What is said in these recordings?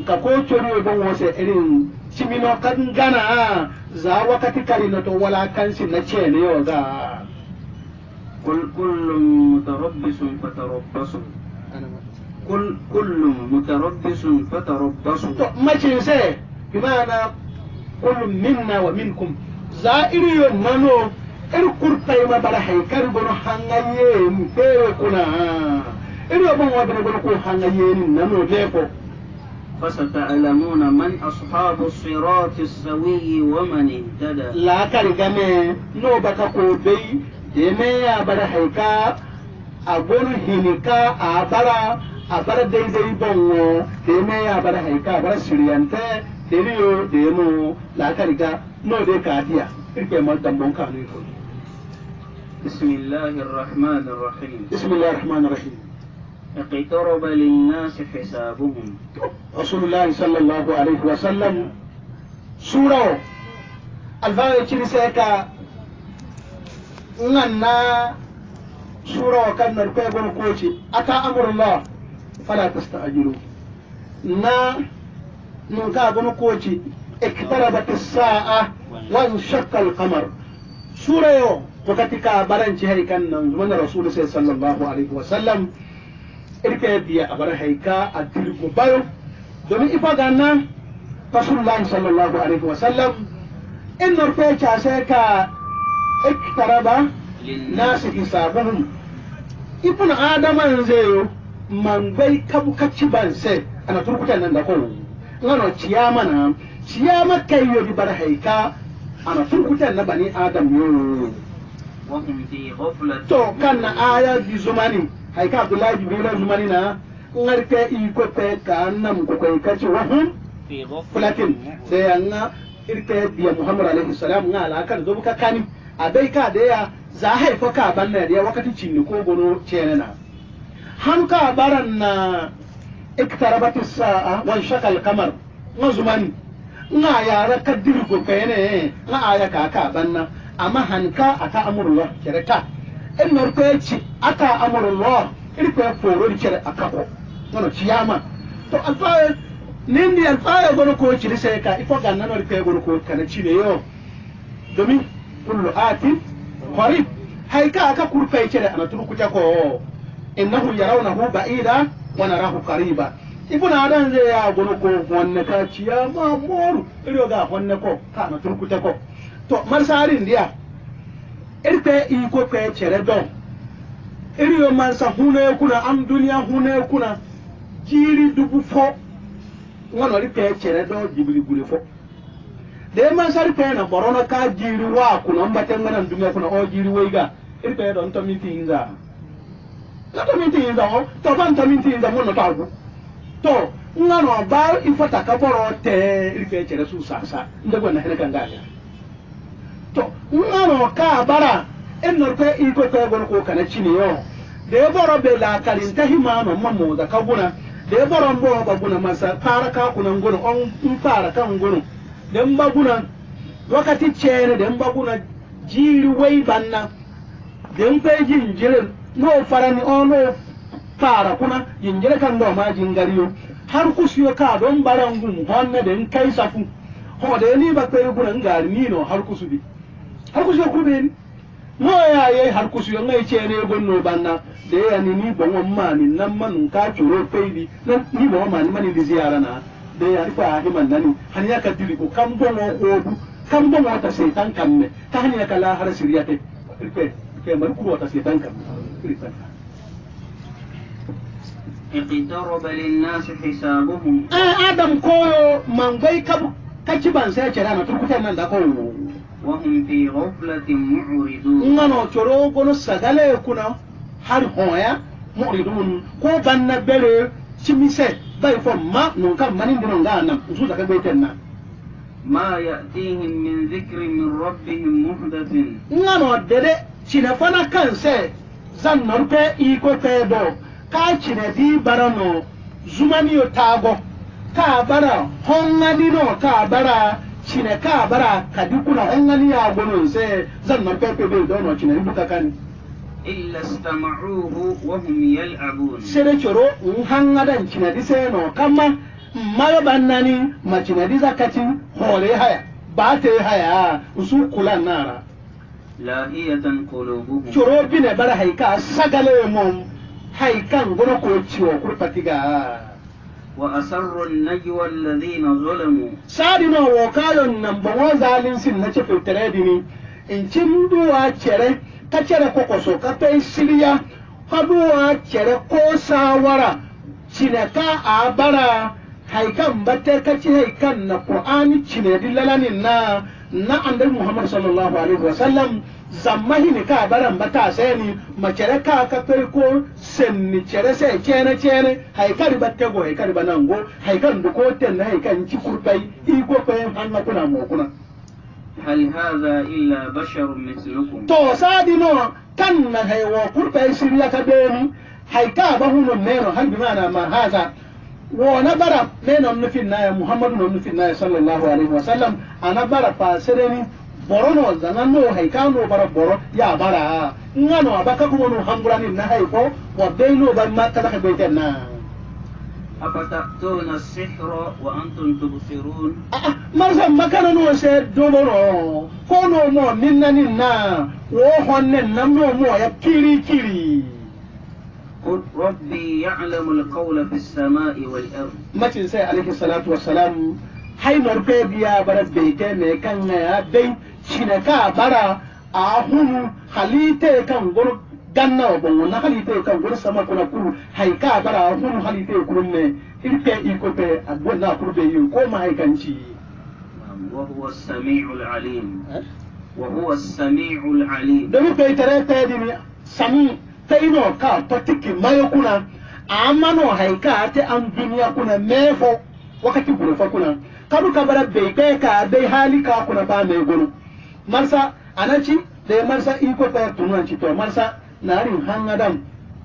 nka ko cori yo don wose irin simino kan gana za wakati kari na to wala kansi na ce ne yau ga kul kullum mutarabbisun fatarabbasu kul kullum mutarabbisun fatarabbasu to macin se imana kullum minna wa minkum za iri yo mano ir kurtai ma bara haikar gono hangaye mu fere kuna iri yo bon wa bene ko hangaye ni nano leko فستعلمون من أصحاب الصراط السوي ومن اهتدى لا كرجمة نوبة كوبي يمي أبدا حيكا أقول هنكا أبدا أبدا دي زي بونو يمي أبدا حيكا أبدا سريانتا تريو ديمو لا كرجا نو دي كاديا إركي مالتن بونكا نيكو بسم الله الرحمن الرحيم بسم الله الرحمن الرحيم اقترب للناس حسابهم رسول الله صلى الله عليه وسلم سورة الفاوي تشريسيكا نانا سورة وكان نركوي بنكوشي أتى أمر الله فلا تستعجلوا نا ننكا بنكوشي اقتربت الساعة وانشق القمر سورة يو وكتك برنشي هيكا نزمن رسول الله صلى الله عليه وسلم irka biya a bar haika a dirgo bayo domin ifa ga nan rasulullah sallallahu alaihi wa sallam in norfe ka sai ka iktaraba nasu isabuhum ibn adaman zai man bai kabukaci ban sai ana turkutan nan da kowa ngano ciyama na ciyama kai yo bar haika ana turkutan na bani adam yo to kan na aya bi zumani hay ka abdullahi jibril zumani na ngar ka iko ka nam ko kai kace wahum fi sai anna irka biya muhammad alaihi salam na alakar zo ka kani a dai ka da ya za haifa ka banna da wakati cinni ko gono cene na han ka baran na iktarabat as-sa'a wa shaqa al-qamar mazumani na yara kaddir ko kai ne na aya ka ka banna amma han ka aka amurwa kireta enor ko echi aka amurullah iri ko foro ri kere akako wono chiyama to alfa nindi alfa ya gono ko chiri sai ka ifo ganna no ri ko gono kana chine yo domin kullu atin qarib haika ka aka kurfa kere ana turu kuta ko innahu yarawnahu ba'ida wa narahu qariba ifuna adan zai ya gono ko wanne ka ciyama moru iri ga wanne ko kana turkuta ko to marsarin dia irte iko ke chere do iriyo mansa hune kuna am duniya hune kuna jiri dubu fo ngono ri ke chere do jibili guri fo de mansa ri pe na borono ka jiri wa kuna mbate ngana duniya kuna o jiri weiga iri pe don to miti inza na to miti inza o to ban to miti inza mono tagu to ngano ba ifata ka boro te iri ke chere su sasa ndegwa na hele kanga to ngano na bara abara norko irko ko gon ka kana chini yo de boro be la kalin tahi ma no mamu da kaguna de boro mbo ba guna masa para ka kuna ngono on para ka ngono de mba wakati chere de mba guna jiri wai banna de mpe jinjire no farani ono oh, para kuna jinjire kan ji ngari jingariyo har kusiyo ka don barangun honne de kai safu ho de ni ba kai guna ngari ni no har bi. har kusuyo n'o moya ye har kusuyo ngai chene gonno banna de ya ni ni bongo mani nan man ka churo peidi nan ni bongo mani mani di ziyara na de ya rifa ha man nani han ya diri ko kam bongo du kam bongo ta kam kamme ta han ya la har te pe pe mar ku ta setan kamme rife اقترب للناس حسابهم آه آدم كويو من غير كب كتبان سيجرانا تركتين من دا كويو وهم في غفلة معرضون ngano choro gono sagale kuna har hoya mu'ridun ko banna bere chimise bay fo ma non kam manin dinon ga nan usu daga beten ma ya'tihim min dhikrin min rabbihim muhdathin ngano dede china fana kanse zan norpe iko tebo ka chine di barano zumani yo ka bara honna dino ka bara cine ka bara kadikuna engali ya gono se zan na pepe be dono cine ibuta kani illa istama'uhu wa hum yal'abun sere choro un hangadan cine dise no kama mara bannani macine diza kati hore haya bate haya usu kula nara lahiyatan qulubuhum choro bine bara haika sagale mom haikan gono ko ciwo kurpatiga wa a sarauta naƙi wani lazina sadi na wauka yu number one zanin sin na ce fitaire dimi in ci ni dowa cere ka cere ko kaso ka fai shirya fa dowa ko sawara cinye ka haikan ba ta haikan na ƙwa'ani cinye da na. na andar muhammad sallallahu alaihi wasallam zamma hini ka baran bata seni macere ka ka perko senni cere sai cene cene haikari batte go haikari go haikan duko ten haikan ci kurbai iko yan hanna kuna mo kuna hal hadha illa basharun mithlukum to no kan na haiwa kurbai shirya ka deni haika ba hunun mero hal bi mana ma hadha wona bara me non no finnaya muhammadu non no finnaya sallllahu alayhi wa sallam ana bara pa sereni boro no zananno hay kano bara boro ya bara ngano abaka kumo no hangurani na hay ko wa beyno ba mattala ke beyten na afatatuna sihra wa antum tubsirun marsa makana no se doboro kono mo ninna ninna wo honne namno mo ya kiri kiri rabbi ya'lamu al-qawla fi as-sama'i wal ard sai alaihi salatu wa hay nor pe biya barat be te ne kan ya dai shine ka bara a hunu halite kan gur ganna wa na halite kan gur sama kuna kuru hay ka bara a hunu halite kurun ne irke iko a abuwa na kurbe yin ko ma haikanci wa huwa samiul alim wa huwa samiul alim da mu pe tare ta dini sami taino ka patiki mayo kuna amano haika ate an duniya kuna mefo wakati gurfa kuna kadu kabara bai kai ka dai hali ka kuna ba mai gonu marsa anachi da marsa iko ta tunan ci to marsa narin hangadan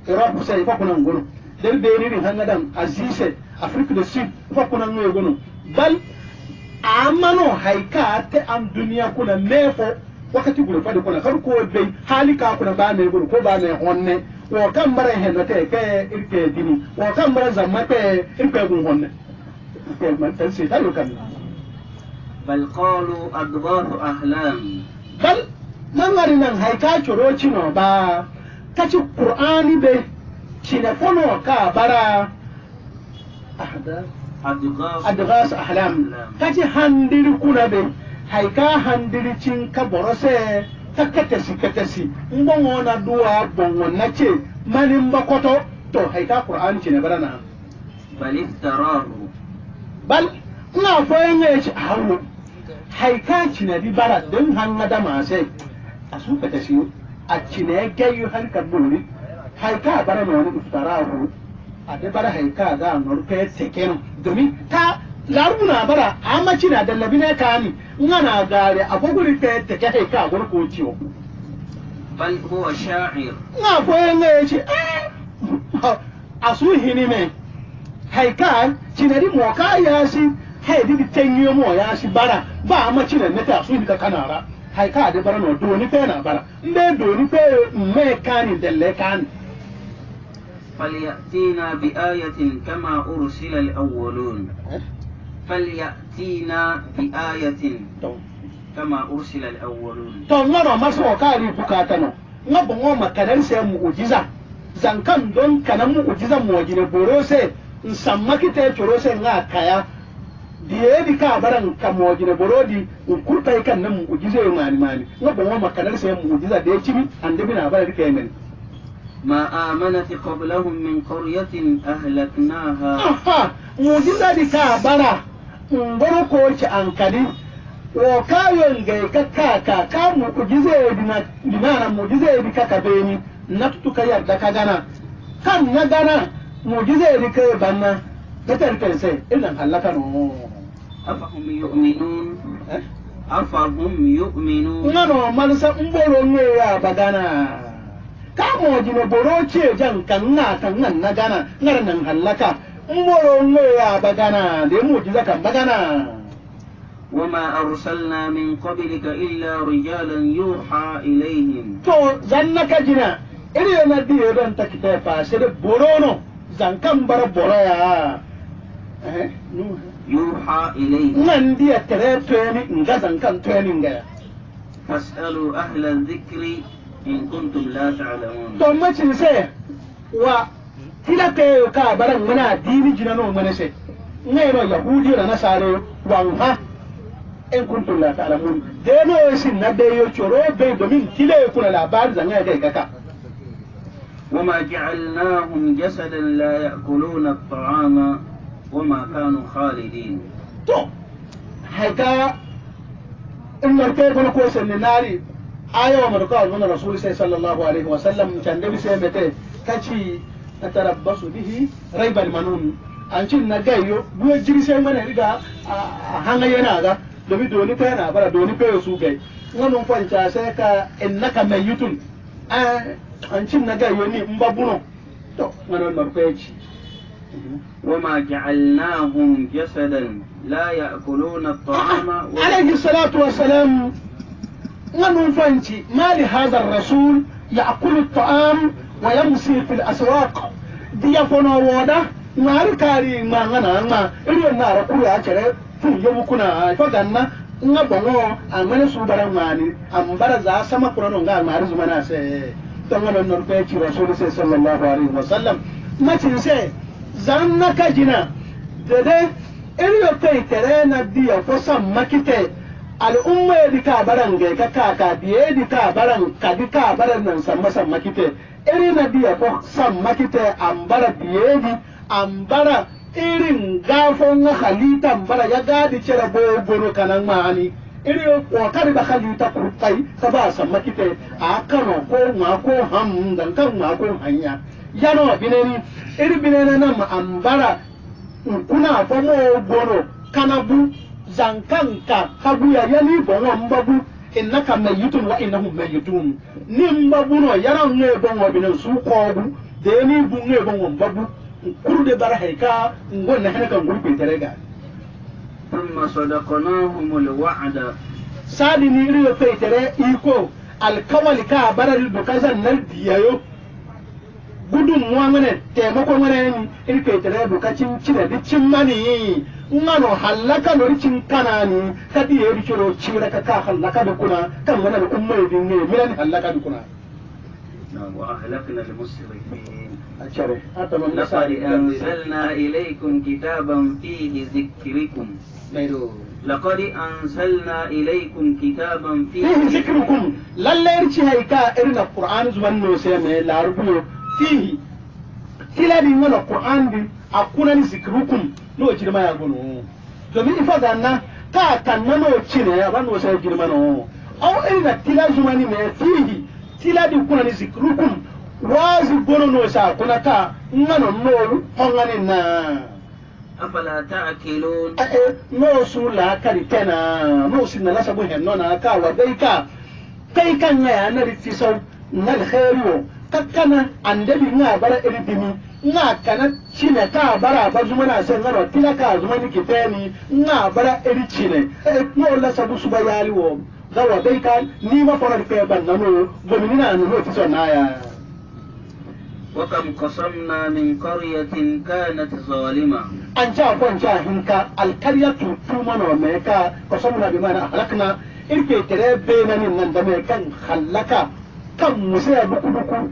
europe sai fa kuna gonu del beri hangadan azise afrique du sud fa kuna ngoy gonu bal amano haika ate an duniya kuna mefo wakati gulu fadi kuna kar ko bai hali ka kuna ba ne gulu ko ba ne honne wa kan mara hen na te ke irke dini wa kan mara zamma te irke gun honne ke man tan sai tayo kan bal qalu adbaru ahlam bal man ngari nan hay ka choro chino ba ta ci qur'ani be chine kono ka bara ahda adghas ahlam ka ci handir kuna be haika handiricin ka borose ta katasi katasi na duwa bongo na ce manin bakoto to haika qur'an ce bara na bal iftarahu bal ina foyan ya ce hawo haika ci bi bara don ha da masai a su katesi a ci ne gayu ka buri haika bara na wani iftarahu a da bara haika ga nurfe tekin domin ta garu na bara amachi na dallabi ne kani nga na gare agoguri te te ke ka gon ko ciwo bal huwa sha'ir nga ko nga yace eh, asu hini me hai kan cinari mo ka ya shi hai di tenyo mo ya shi bara ba amachi na ne ta asu ni ka kanara hai ka de bara no do ni pe na bara nde do ni pe me kani dalle kani فليأتينا بآية كما أرسل الأولون فليأتينا بآية كما أرسل الأولون تون نرى مسوى كاري بكاتنا نبغى مكان سيموجزة zankan don kana mu'jiza mu wajine borose in samma kita corose nga kaya diyedi ka baran ka mojine borodi in kurta ikan nan mu'jiza yo mani mani na bon wama kanar sai mu'jiza da yaci bi ande bina bara rike men ma amanat qablahum min qaryatin ahlaknaha mu'jiza di ka bara ngoro ko ci ankadi wo kayon ga kakka ka ka mu ku gize na dinara mu gize di kaka beni natutu ka yarda ka gana kan na gana mu gize di ka banna ta tarkan sai ilan halaka no afahum yu'minun eh? afahum yu'minun ngano malsa mboro ne ya bagana ka mo jino boro ce jan kan na kan nan na gana ngara nan halaka وما أرسلنا من قبلك إلا رجالا يوحى إليهم تو زنك جنا إلي أنا دي أبن تكتفى سيد برونو زنكم برا برويا يوحى إليهم من دي أتريد تويني نجا زنكم تويني نجا فاسألوا أهل الذكر إن كنتم لا تعلمون تو ما تنسيه ila kayo ka baran mana dini jina no mana se ngai no yahudi na nasare wa ha en kuntum la ta'lamun de no sin na de yo choro be domin kile kuna labar zanga da kaka وما جعلناهم جسدا لا يأكلون الطعام وما كانوا خالدين تو هكا إن الكيف نقوس النار آية ومرقال من الرسول صلى الله عليه وسلم كان دبي سيمتي كتشي نتربص به ريب المنون أنشل نجايو بو جريسي من ريدا آه، آه، هانا يناغا دمي دوني تينا برا دوني بيو سوغي ونون فانشا سيكا إنك ميتون آه، أنشل نجايو ني مبابونو تو ونون مرفيتش وما جعلناهم جسدا لا يأكلون الطعام عليه الصلاة والسلام ونون فانشي ما لهذا الرسول يأكل الطعام ويمشي في الأسواق دي فنوانا نار كاري ما غنا ما إلي النار كلها كره في يوم كنا فغنا nga bongo amene subara mani ambara za sama kurono nga mari zumana se tonga non non pe rasul se sallallahu alaihi wasallam macin se zanna kajina dede iriyo pe tere na diya ko makite al'umma ya di kabaran ga ka kaka biye di kabaran ka di kabaran nan san masan makite irina diya ko sammakite ambara diyeji ambara irin gafon na halita ambara ya gadi cire gogono kanan ma'ani iri kokari ba halita kurtai ta ba sammakite a kano ko ma ko ham dan hanya yano binani iri binana nan ambara kuna fomo gono kanabu zankanka kabuya yani bonwa mbabu innaka mayyitun wa innahum mayyitun nim mabuno yara ne bon wa binan su kogu de ni bu ne bon won babu kurde bar haika ngon na hanakan ngul tare ga amma sadaqnahum wa'da sadi ni ri fe tere iko alkawali ka barar kazan nan diyayo gudun mu ngane temako ngane ni ri tere bu kacin cire dicin mani ngano halaka lori cinkanani kadi yeri ciro cimira ka ka halaka da kuna kan mana da umma yedi ne milani halaka da وأهلكنا المسرفين لقد أنزلنا إليكم كتابا فيه ذكركم لقد أنزلنا إليكم كتابا فيه ذكركم لا يرشي هيكا إرنا القرآن زمان نوسيمي لاربو فيه تلا دي القرآن دي ذكركم n'o jirima ya gonu domin ifa zanna ka kanna n'o cina ya ba n'o sa jirima no aw eri na tila zumani me fihi tila di kuna ni zikrukum wazi bono n'o sa kuna ka ngano n'olu hongani na afala ta'qilun eh n'o su la kari tena n'o su na lasa bu hen nona ka wa dai ka kai kan ya na ri tisau na khairu kakkana andabi nga bara eri dimi ina kana chile ka bara ba zuma na san ngaro tila ka zuma ni kiteni ina bara iri chile e mo la sabu suba yali wo zawa dai kan ni ma fara ke ban nanu gomini na nanu ti so na ya wa kam qasamna min qaryatin kanat zalima an ja ko an ja hinka al qaryatu tuma no me ka qasamna bi mana halakna irke tere be nan nan da me kan halaka kan musaya buku buku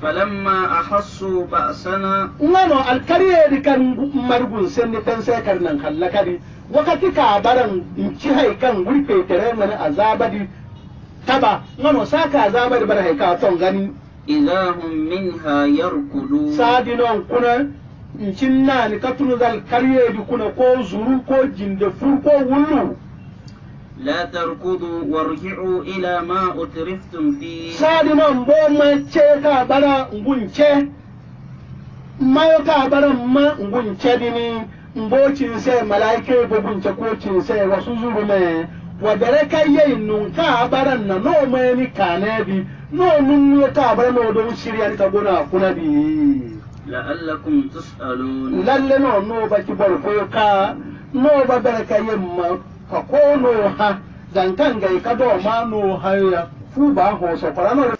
falamma ahassu ba'sana ngano alkariye di kan margun senni tan sai kan nan hallakari wakati ka baran inci haikan kan wurfe tare mana azabadi taba ngano saka azabadi bar hai ka ton gani ilahum minha yarkudu sadinon kuna incin nani katunu zal kariye di kuna ko zuru ko jinde fur ko wullu لا تركضوا وارجعوا إلى ما أترفتم فيه سالما بوما تشيكا برا نغنشي ما يكا برا ما نغنشي ديني mbocin sai malaike bu bincikocin sai wasu zuru ne wadare kai yayi nunka baran na no mai ni kanabi no nun ne ka bar mu don shirya ta gona kuna bi la'allakum tus'alun lalle no no baki barko ka no ba barka yamma ka ko no ha zankan ga ka do ma no ha ya fu ba ho so kora no